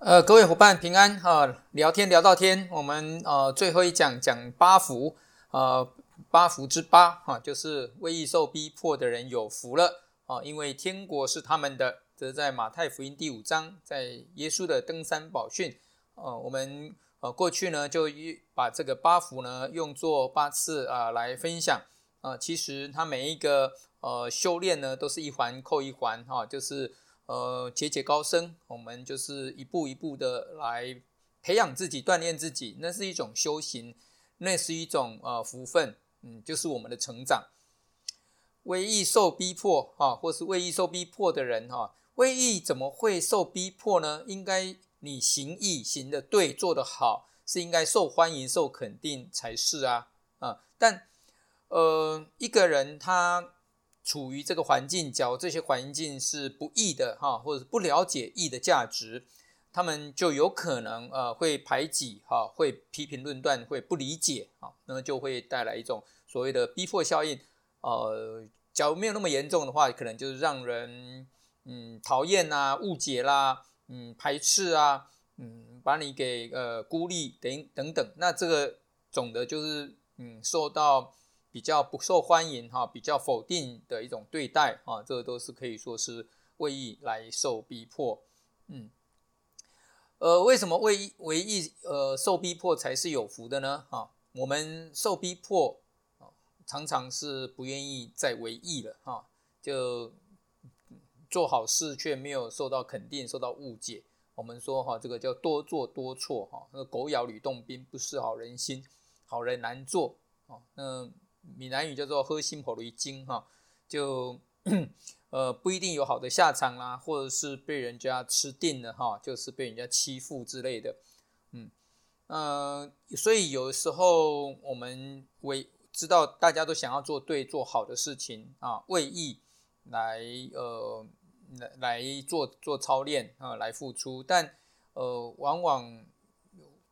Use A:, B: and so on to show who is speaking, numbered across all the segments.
A: 呃，各位夥伴平安哈、啊！聊天聊到天，我們呃最後一講講八福，呃八福之八哈、啊，就是為義受逼迫的人有福了啊，因為天國是他們的。這在馬太福音第五章，在耶穌的登山寶訓。呃、啊，我們呃、啊、過去呢就一把這個八福呢用作八次啊來分享、啊。其實它每一個呃、啊、修煉呢都是一環扣一環哈、啊，就是。呃，節節高升，我們就是一步一步的來培養自己，鍛煉自己，那是一種修行，那是一種呃福分，嗯，就是我們的成長。為義受逼迫啊，或是為義受逼迫的人哈，為義怎麼會受逼迫呢？應該你行義行得對，做得好，是應該受歡迎、受肯定才是啊啊！但呃，一個人他，處於這個環境，假如這些環境是不義的哈，或者是不了解義的價值，他們就有可能呃會排擠哈，會批評論斷，會不理解啊，那麽就會帶來一種所謂的逼迫效應。呃，假如沒有那麽嚴重的話，可能就是讓人嗯討厭吶、誤解啦、嗯嗯排斥啊、嗯把你給呃孤立等等等，那這個總的就是嗯受到。比較不受歡迎哈，比較否定的一種對待啊，這個都是可以說是為義來受逼迫，嗯，呃，為什麼為為義呃受逼迫才是有福的呢？我們受逼迫常常是不願意再為義了哈，就做好事卻沒有受到肯定，受到誤解。我們說哈，這個叫多做多錯哈，那狗咬呂洞賓，不識好人心，好人難做啊，那。閩南語叫做“喝心跑雷精”哈，就呃不一定有好的下場啦、啊，或者是被人家吃定了哈，就是被人家欺負之類的，嗯嗯、呃，所以有時候我們為知道大家都想要做對、做好的事情啊，為、呃、義來呃來來做做操練啊、呃，來付出，但呃往往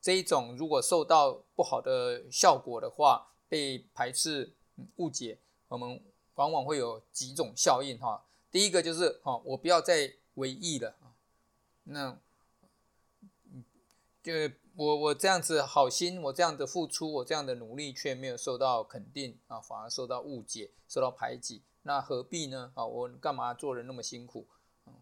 A: 這一種如果受到不好的效果的話。被排斥、誤解，我們往往會有幾種效應哈。第一個就是哈、哦，我不要再為義了，那，嗯，就我我這樣子好心，我這樣的付出，我這樣的努力卻沒有受到肯定啊，反而受到誤解、受到排擠，那何必呢？啊、哦，我幹嘛做人那麼辛苦？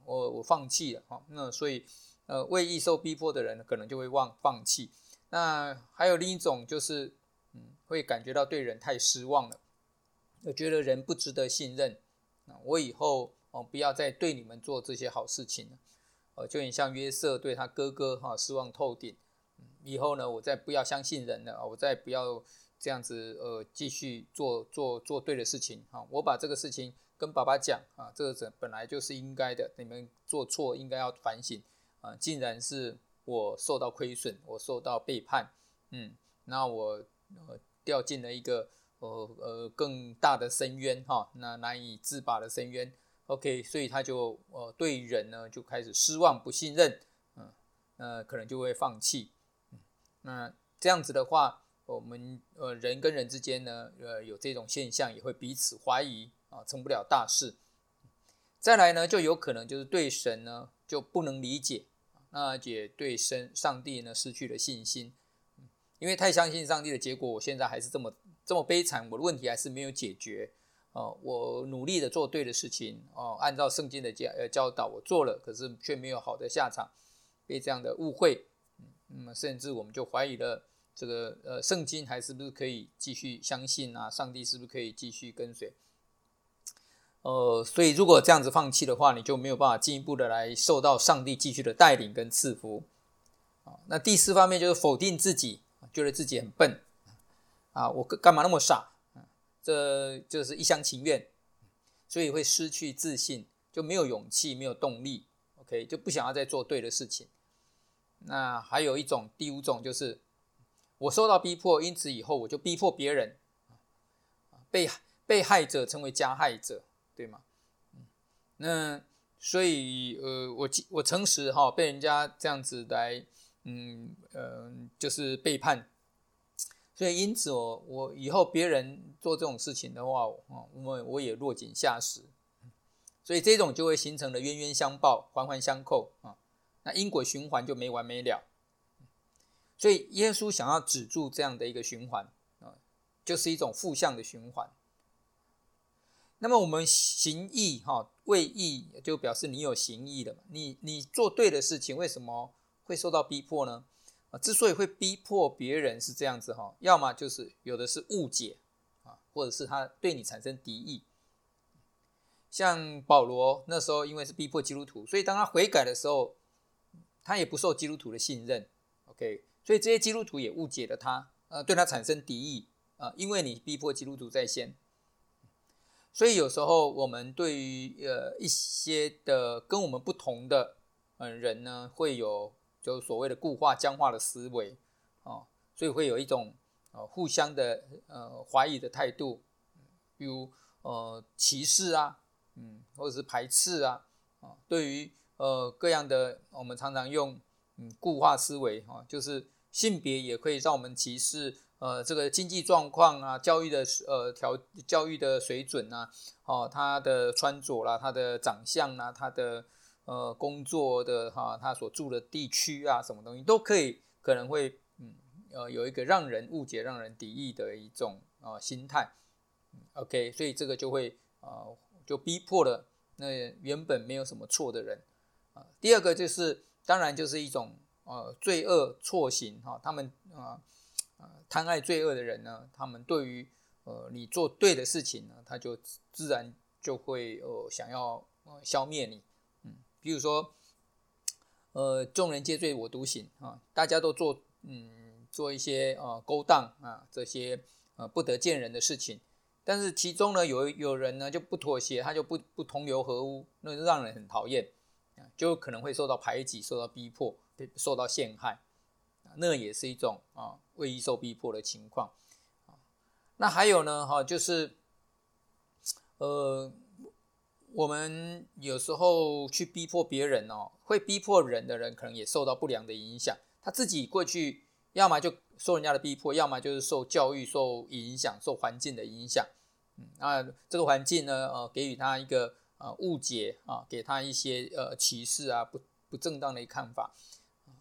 A: 我我放棄了哈、哦。那所以，呃，為義受逼迫的人可能就會忘放棄。那還有另一種就是。嗯，會感覺到對人太失望了，我覺得人不值得信任、啊、我以後哦，不要再對你們做這些好事情了，呃、啊，就很像約瑟對他哥哥哈、啊、失望透頂、嗯。以後呢，我再不要相信人了、啊、我再不要這樣子呃，繼續做做做對的事情哈、啊！我把這個事情跟爸爸講啊，這個本來就是應該的，你們做錯應該要反省啊！竟然是我受到虧損，我受到背叛，嗯，那我。掉進了一個呃呃更大的深淵哈，那難以自拔的深淵。OK，所以他就呃對人呢就開始失望、不信任，嗯，那可能就會放棄。那這樣子的話，我們呃人跟人之間呢，呃有這種現象，也會彼此懷疑啊，成不了大事。再來呢，就有可能就是對神呢就不能理解，那也對神上帝呢失去了信心。因為太相信上帝的結果，我現在還是這麼這麼悲慘，我的問題還是沒有解決。哦、呃，我努力的做對的事情，哦、呃，按照聖經的教呃教導我做了，可是卻沒有好的下場，被這樣的誤會，那、嗯、麼甚至我們就懷疑了這個呃聖經還是不是可以繼續相信啊？上帝是不是可以繼續跟隨？呃，所以如果這樣子放棄的話，你就沒有辦法進一步的來受到上帝繼續的帶領跟賜福。哦、那第四方面就是否定自己。覺得自己很笨啊，我幹嘛那麼傻？這就是一廂情願，所以會失去自信，就沒有勇氣，沒有動力。OK，就不想要再做對的事情。那還有一種，第五種就是，我受到逼迫，因此以後我就逼迫別人，被被害者稱為加害者，對嗎？那所以呃，我我誠實哈、哦，被人家這樣子來。嗯，呃，就是背叛，所以因此我我以後別人做這種事情的話，啊，我我也落井下石，所以這種就會形成了冤冤相報，環環相扣啊，那因果循環就沒完沒了。所以耶穌想要止住這樣的一個循環啊，就是一種負向的循環。那麼我們行義哈，為義就表示你有行義了嘛，你你做對的事情，為什麼？會受到逼迫呢？之所以會逼迫別人是這樣子哈、哦，要麼就是有的是誤解啊，或者是他對你產生敵意。像保羅那時候因為是逼迫基督徒，所以當他悔改的時候，他也不受基督徒的信任，OK，所以這些基督徒也誤解了他，呃，對他產生敵意啊、呃，因為你逼迫基督徒在先，所以有時候我們對於呃一些的跟我們不同的嗯人呢會有。就是所謂的固化僵化的思維啊，所以會有一種呃互相的呃懷疑的態度，比如呃歧視啊，嗯，或者是排斥啊，啊，對於呃各樣的我們常常用嗯固化思維哈，就是性別也可以讓我們歧視呃這個經濟狀況啊，教育的呃條教育的水準吶，哦，他的穿着啦，他的長相啊，他的。呃，工作的哈、啊，他所住的地區啊，什麼東西都可以，可能會，嗯，呃，有一個讓人誤解、讓人敵意的一種啊、呃、心態。OK，所以這個就會啊、呃，就逼迫了那原本沒有什麼錯的人啊、呃。第二個就是，當然就是一種呃罪惡錯行哈、哦，他們啊，呃貪愛罪惡的人呢，他們對於呃你做對的事情呢，他就自然就會呃想要呃消滅你。比如說，呃，眾人皆醉我獨醒啊！大家都做嗯做一些啊勾當啊這些呃、啊、不得見人的事情，但是其中呢有有人呢就不妥協，他就不不同流合污，那就讓人很討厭、啊、就可能會受到排擠、受到逼迫、受到陷害，那也是一種啊為義受逼迫的情況。那還有呢哈、啊，就是呃。我們有時候去逼迫別人哦，會逼迫人的人，可能也受到不良的影響。他自己過去，要麼就受人家的逼迫，要麼就是受教育、受影響、受環境的影響。嗯，那這個環境呢，呃，給予他一個呃誤解啊，給他一些呃歧視啊，不不正當的一個看法。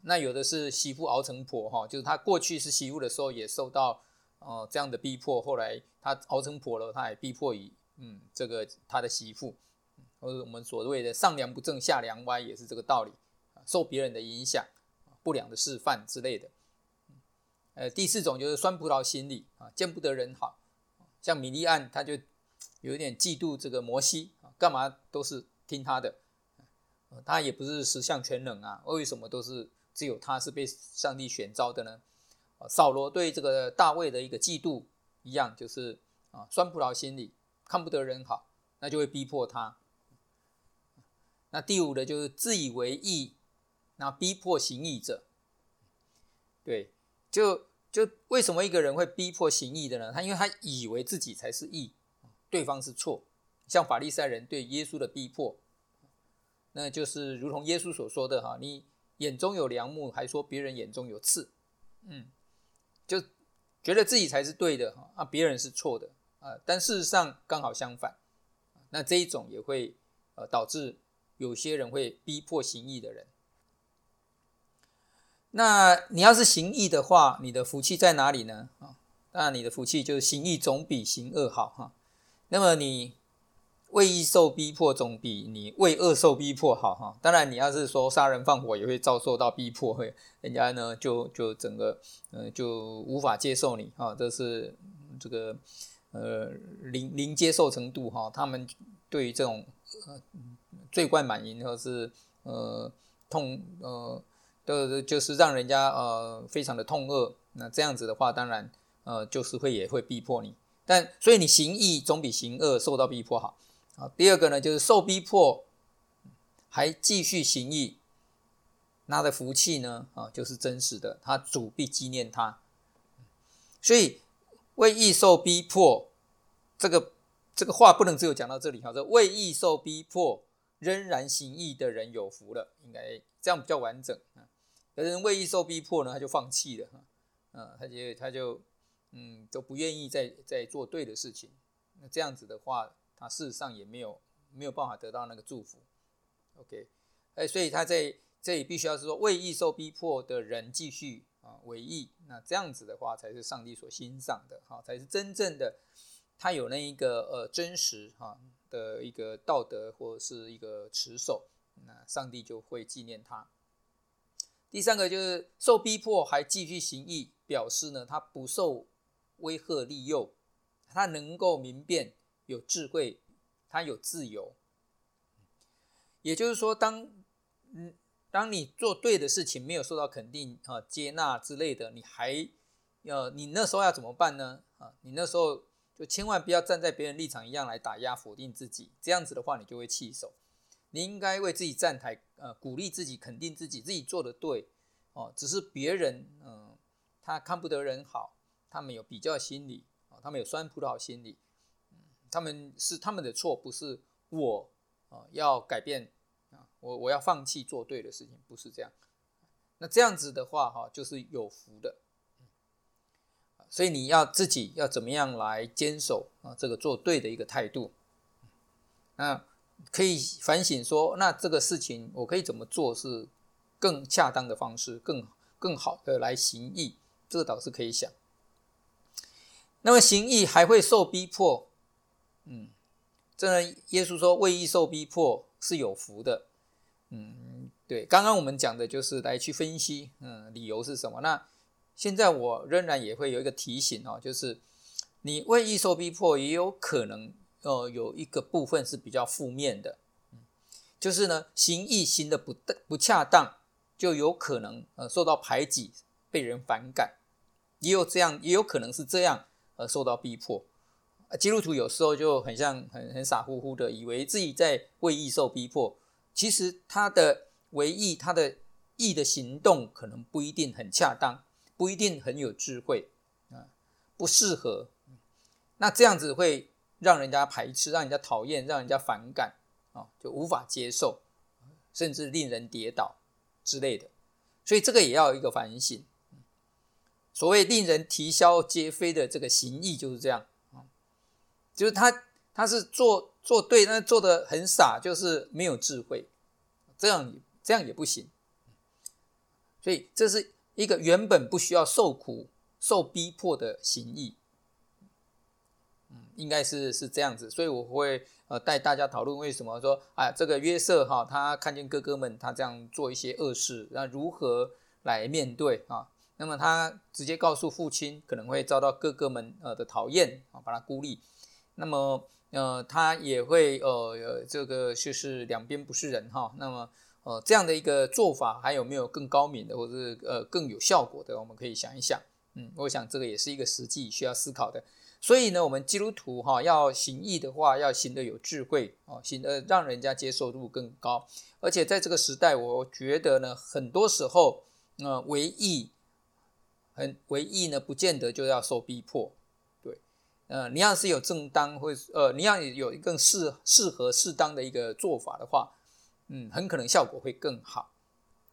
A: 那有的是媳婦熬成婆哈、哦，就是他過去是媳婦的時候也受到哦、呃、這樣的逼迫，後來他熬成婆了，他也逼迫於嗯這個他的媳婦。或者我們所謂的上梁不正下梁歪也是這個道理，受別人的影響，不良的示範之類的。呃，第四種就是酸葡萄心理，見不得人好，像米利暗他就有一點嫉妒這個摩西幹嘛都是聽他的，他也不是十項全能啊，為什麼都是只有他是被上帝選召的呢？掃羅對這個大衛的一個嫉妒一樣，就是啊，酸葡萄心理，看不得人好，那就會逼迫他。那第五的就是自以為義，那逼迫行義者，對，就就為什麼一個人會逼迫行義的呢？他因為他以為自己才是義，對方是錯，像法利賽人對耶穌的逼迫，那就是如同耶穌所說的哈，你眼中有梁木，還說別人眼中有刺，嗯，就覺得自己才是對的哈，啊，別人是錯的啊，但事實上剛好相反，那這一種也會呃導致。有些人會逼迫行義的人，那你要是行義的話，你的福氣在哪裡呢？啊，那你的福氣就是行義總比行惡好哈。那麼你為義受逼迫，總比你為惡受逼迫好哈。當然，你要是說殺人放火，也會遭受到逼迫，會人家呢就就整個、呃、就無法接受你啊，這是這個呃零零接受程度哈，他們對於這種，呃罪貫滿盈，或是呃痛呃，都、呃、就是讓人家呃非常的痛惡。那這樣子的話，當然呃就是會也會逼迫你，但所以你行義總比行惡受到逼迫好啊。第二個呢，就是受逼迫還繼續行義，那他的福氣呢啊就是真實的，他主必紀念他。所以為義受逼迫，這個這個話不能只有講到這裡哈，這為義受逼迫。仍然行義的人有福了，應該這樣比較完整啊。有人為義受逼迫呢，他就放棄了哈，嗯，他就他就嗯都不願意再再做對的事情，那這樣子的話，他事實上也沒有沒有辦法得到那個祝福。OK，哎，所以他在這裡必須要是說為義受逼迫的人繼續啊為義，那這樣子的話才是上帝所欣賞的哈，才是真正的他有那一個呃真實哈。啊呃，一個道德或者是一個持守，那上帝就會紀念他。第三個就是受逼迫，還繼續行義，表示呢，他不受威嚇利誘，他能夠明辨，有智慧，他有自由。也就是說，當嗯，當你做對的事情沒有受到肯定啊、接納之類的，你還要、啊、你那時候要怎麼辦呢？啊，你那時候。就千萬不要站在別人立場一樣來打壓否定自己，這樣子的話你就會棄守。你應該為自己站台，呃，鼓勵自己，肯定自己，自己做得對哦。只是別人，嗯，他看不得人好，他們有比較心理哦，他們有酸葡萄心理。他們是他們的錯，不是我。要改變，我我要放棄做對的事情，不是這樣。那這樣子的話哈，就是有福的。所以你要自己要怎麼樣來堅守啊？這個做對的一個態度，那可以反省說，那這個事情我可以怎麼做是更恰當的方式，更更好的來行義，這個倒是可以想。那麼行義還會受逼迫，嗯，這耶穌說為義受逼迫是有福的，嗯，對。剛剛我們講的就是來去分析，嗯，理由是什麼？那。現在我仍然也會有一個提醒哦，就是你為義受逼迫，也有可能呃有一個部分是比較負面的，就是呢，行義行的不不恰當，就有可能呃受到排擠，被人反感，也有這樣，也有可能是這樣呃受到逼迫。基督徒有時候就很像很很傻乎乎的，以為自己在為義受逼迫，其實他的為義，他的義的行動可能不一定很恰當。不一定很有智慧啊，不適合。那這樣子會讓人家排斥，讓人家討厭，讓人家反感啊，就無法接受，甚至令人跌倒之類的。所以這個也要一個反省。所謂令人啼笑皆非的這個行義就是這樣啊，就是他他是做做對，但做的很傻，就是沒有智慧，這樣這樣也不行。所以這是。一個原本不需要受苦、受逼迫的行義，嗯、應該是是這樣子，所以我會呃帶大家討論為什麼說啊、哎、這個約瑟哈、哦、他看見哥哥們他這樣做一些惡事，那如何來面對啊、哦？那麼他直接告訴父親，可能會遭到哥哥們呃的討厭啊，把他孤立。那麼呃他也會呃這個就是兩邊不是人哈、哦，那麼。呃、哦，這樣的一個做法還有沒有更高明的，或者是呃更有效果的？我們可以想一想。嗯，我想這個也是一個實際需要思考的。所以呢，我們基督徒哈、哦、要行義的話，要行得有智慧哦，行得讓人家接受度更高。而且在這個時代，我覺得呢，很多時候那、呃、為義，很為義呢，不見得就要受逼迫。對，呃，你要是有正當，或者呃，你要有更適適合適當的一個做法的話。嗯，很可能效果會更好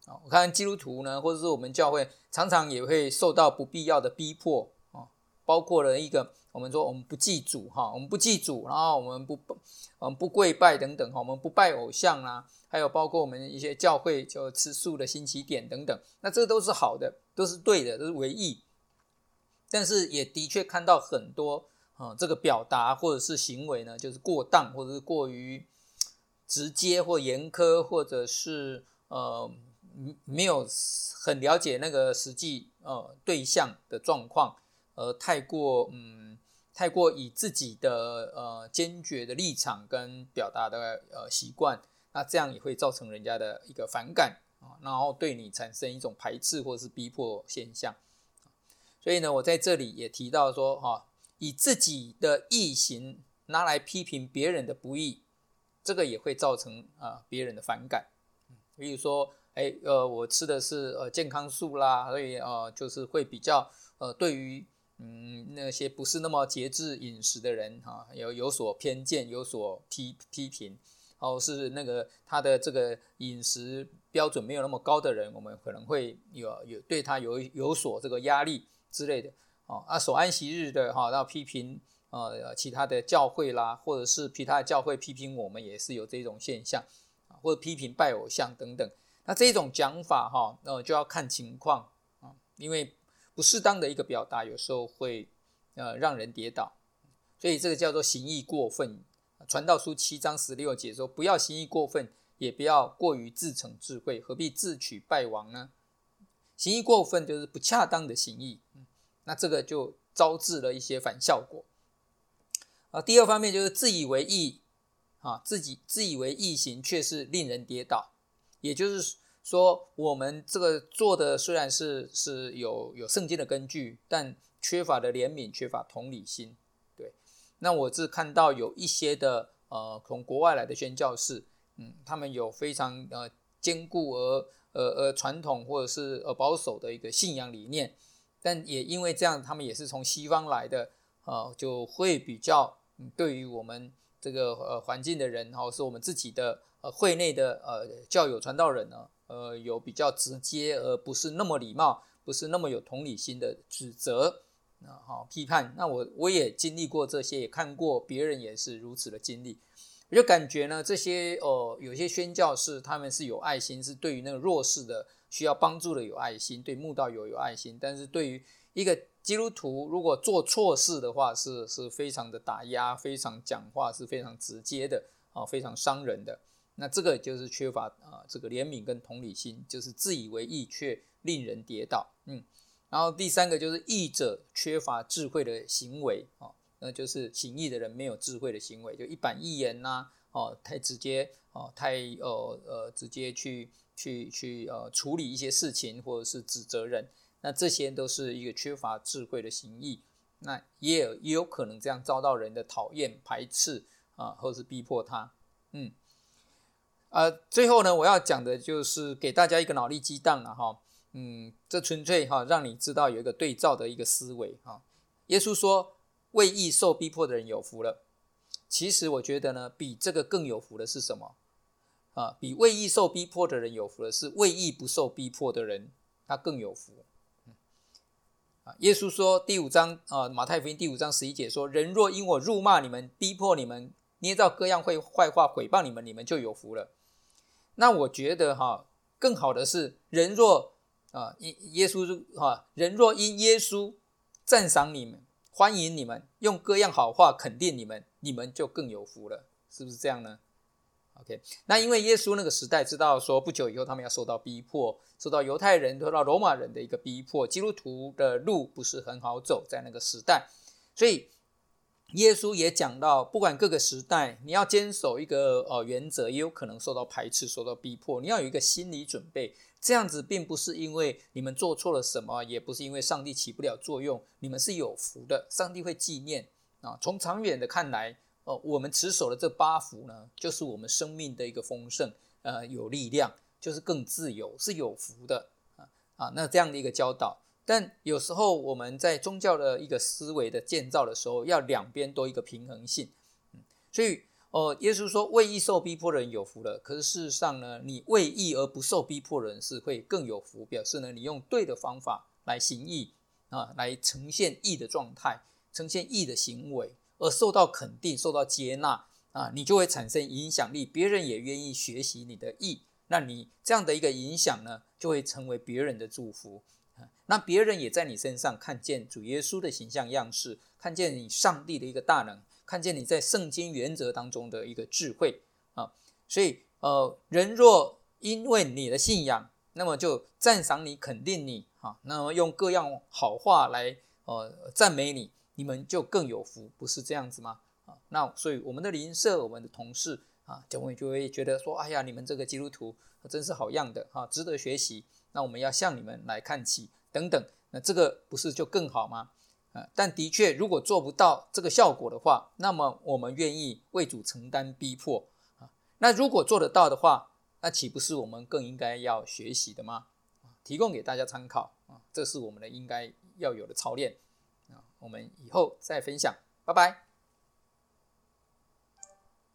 A: 啊、哦！我看基督徒呢，或者是我們教會，常常也會受到不必要的逼迫啊、哦，包括了一個我們說我們不祭祖哈、哦，我們不祭祖，然後我們不不我們不跪拜等等哈、哦，我們不拜偶像啦、啊，還有包括我們一些教會就吃素的新起點等等，那這都是好的，都是對的，都是為義。但是也的確看到很多啊、哦，這個表達或者是行為呢，就是過當或者是過於。直接或嚴苛，或者是呃沒有很了解那個實際呃對象的狀況，而、呃、太過嗯，太過以自己的呃堅決的立場跟表達的呃習慣，那這樣也會造成人家的一個反感啊、哦，然後對你產生一種排斥或是逼迫現象。所以呢，我在這裡也提到說哈、哦，以自己的義行拿來批評別人的不義。這個也會造成啊別人的反感，比如說，哎，呃，我吃的是呃健康素啦，所以啊、呃，就是會比較呃對於嗯那些不是那麼節制飲食的人哈、啊，有有所偏見，有所批批評，然後是那個他的這個飲食標準沒有那麼高的人，我們可能會有有對他有有所這個壓力之類的哦，啊，守安息日的哈，要、啊、批評。呃，其他的教會啦，或者是其他的教會批評我們，也是有這種現象，或者批評拜偶像等等。那這種講法哈，那就要看情況啊，因為不適當的一個表達，有時候會呃讓人跌倒。所以這個叫做行義過分。傳道書七章十六節說：“不要行義過分，也不要過於自逞智慧，何必自取敗亡呢？”行義過分就是不恰當的行義，嗯，那這個就招致了一些反效果。啊，第二方面就是自以為義，啊，自己自以為義行卻是令人跌倒。也就是說，我們這個做的雖然是是有有聖經的根據，但缺乏的憐憫，缺乏同理心。對，那我只看到有一些的呃，從國外來的宣教士，嗯，他們有非常呃堅固而呃呃傳統或者是呃保守的一個信仰理念，但也因為這樣，他們也是從西方來的，呃、啊，就會比較。對於我們這個呃環境的人哈，是我們自己的呃會內的呃教友傳道人呢，呃有比較直接，而不是那麼禮貌，不是那麼有同理心的指責，然後，批判。那我我也經歷過這些，也看過別人也是如此的經歷。我就感覺呢，這些哦，有些宣教士他們是有愛心，是對於那個弱勢的需要幫助的有愛心，對慕道友有愛心，但是對於一個。基督徒如果做錯事的話是，是是非常的打壓，非常講話是非常直接的，啊，非常傷人的。那這個就是缺乏啊、呃，這個憐憫跟同理心，就是自以為義卻令人跌倒。嗯，然後第三個就是義者缺乏智慧的行為，啊、呃，那就是行義的人沒有智慧的行為，就一板一眼吶、啊，哦、呃，太直接，哦、呃，太呃呃直接去去去呃處理一些事情或者是指責人。那這些都是一個缺乏智慧的行義，那也有也有可能這樣遭到人的討厭、排斥啊，或是逼迫他。嗯，呃，最後呢，我要講的就是給大家一個腦力激盪了哈。嗯，這純粹哈，啊，讓你知道有一個對照的一個思維哈，啊。耶穌說：“為義受逼迫的人有福了。”其實我覺得呢，比這個更有福的是什麼？啊，比為義受逼迫的人有福的是為義不受逼迫的人，他更有福。啊，耶穌說第五章啊，馬太福音第五章十一節說：“人若因我辱罵你們，逼迫你們，捏造各樣壞壞話毀謗你們，你們就有福了。”那我覺得哈、啊，更好的是，人若啊，耶耶穌哈，人若因耶穌讚賞你們，歡迎你們，用各樣好話肯定你們，你們就更有福了，是不是這樣呢？OK，那因為耶穌那個時代知道說，不久以後他們要受到逼迫，受到猶太人、受到羅馬人的一個逼迫，基督徒的路不是很好走，在那個時代，所以耶穌也講到，不管各個時代，你要堅守一個呃原則，也有可能受到排斥、受到逼迫，你要有一個心理準備。這樣子並不是因為你們做錯了什麼，也不是因為上帝起不了作用，你們是有福的，上帝會紀念啊。從長遠的看來。哦，我們持守的這八福呢，就是我們生命的一個豐盛，呃，有力量，就是更自由，是有福的啊啊，那這樣的一個教導。但有時候我們在宗教的一個思維的建造的時候，要兩邊多一個平衡性。嗯，所以哦，耶穌說為義受逼迫的人有福了，可是事實上呢，你為義而不受逼迫的人是會更有福，表示呢，你用對的方法來行義啊，來呈現義的狀態，呈現義的行為。而受到肯定、受到接納啊，你就會產生影響力，別人也願意學習你的意。那你這樣的一個影響呢，就會成為別人的祝福。那別人也在你身上看見主耶穌的形象樣式，看見你上帝的一個大能，看見你在聖經原則當中的一個智慧啊。所以，呃，人若因為你的信仰，那麼就讚賞你、肯定你，啊，那麼用各樣好話來，呃，讚美你。你們就更有福，不是這樣子嗎？啊，那所以我們的鄰舍、我們的同事啊，就會就會覺得說，哎呀，你們這個基督徒真是好樣的啊，值得學習。那我們要向你們來看齊，等等，那這個不是就更好嗎？啊，但的確，如果做不到這個效果的話，那麼我們願意為主承擔逼迫啊。那如果做得到的話，那豈不是我們更應該要學習的嗎？啊，提供給大家參考啊，這是我們的應該要有的操練。我們以後再分享，拜拜。